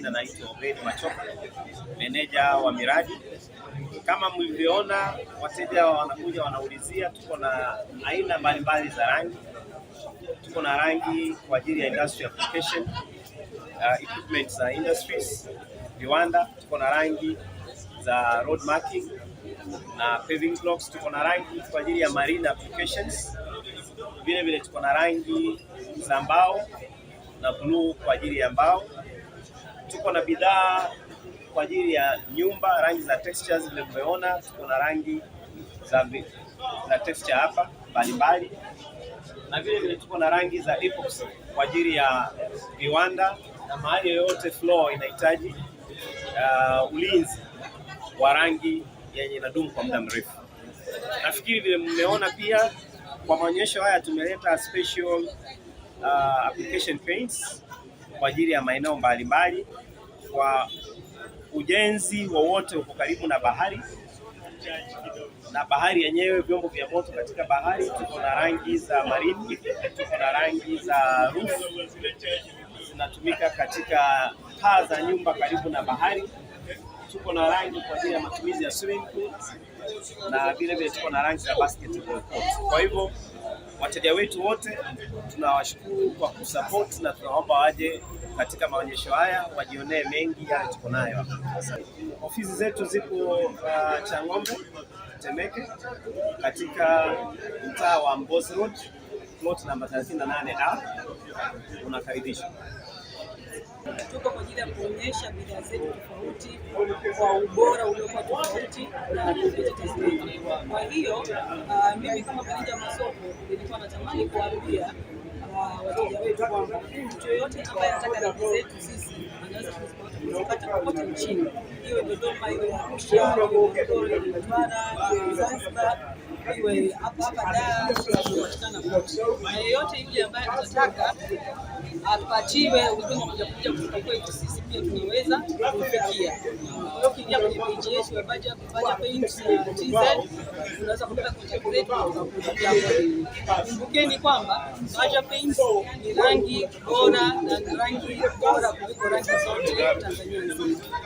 majina naitwa Obed Machoka, meneja wa miradi. Kama mlivyoona, wateja wanakuja wanaulizia, tuko na aina mbalimbali za rangi. Tuko na rangi kwa ajili ya industry application, uh, equipment za industries, viwanda. Tuko na rangi za road marking na paving blocks. Tuko na rangi kwa ajili ya marine applications, vile vile tuko na rangi za mbao na bluu kwa ajili ya mbao. Tuko na bidhaa kwa ajili ya nyumba, rangi za textures vile mmeona, tuko na rangi za, na texture hapa mbalimbali, na vile vile tuko na rangi za epoxy kwa ajili ya viwanda na mahali yoyote floor inahitaji uh, ulinzi wa rangi yenye inadumu kwa muda mrefu. Nafikiri vile mmeona pia kwa maonyesho haya tumeleta special uh, application paints kwa ajili ya maeneo mbalimbali kwa ujenzi wowote uko karibu na bahari na bahari yenyewe, vyombo vya moto katika bahari, tuko na rangi za marini, tuko na rangi za rufu zinatumika katika paa za nyumba karibu na bahari. Tuko na rangi kwa ajili ya matumizi ya swimming pool na vile vile tuko na rangi za basketball court. Kwa hivyo Wateja wetu wote tunawashukuru kwa kusupport na tunaomba waje katika maonyesho haya wajionee mengi yale tuko nayo. Ofisi zetu zipo uh, Chang'ombe Temeke, katika mtaa wa Mbozi Road plot namba 38A. Unakaribishwa. Tuko kwa ajili ya kuonyesha bidhaa zetu tofauti kwa ubora uliokuwa tofauti na kwa hiyo uh, mimi kama meneja masoko alikuwa anatamani kuwaambia uh, wateja wetu kwamba mtu yoyote ambaye anataka rangi zetu sisi anaweza kuzipata popote nchini, iwe Dodoma, iwe Arusha, iwe Morogoro, iwe Mtwara, iwe Zanzibar, iwe hapa hapa Dar, kupatikana na yeyote yule ambaye anataka apatiwe huduma moja kwa moja kutoka kwetu sisi, pia tunaweza kufikia ukiingia kwenye page yetu ya Baja unaweza kupata contact zetu. Kumbukeni kwamba Baja Paints ni rangi bora na rangi bora kuliko rangi zote Tanzania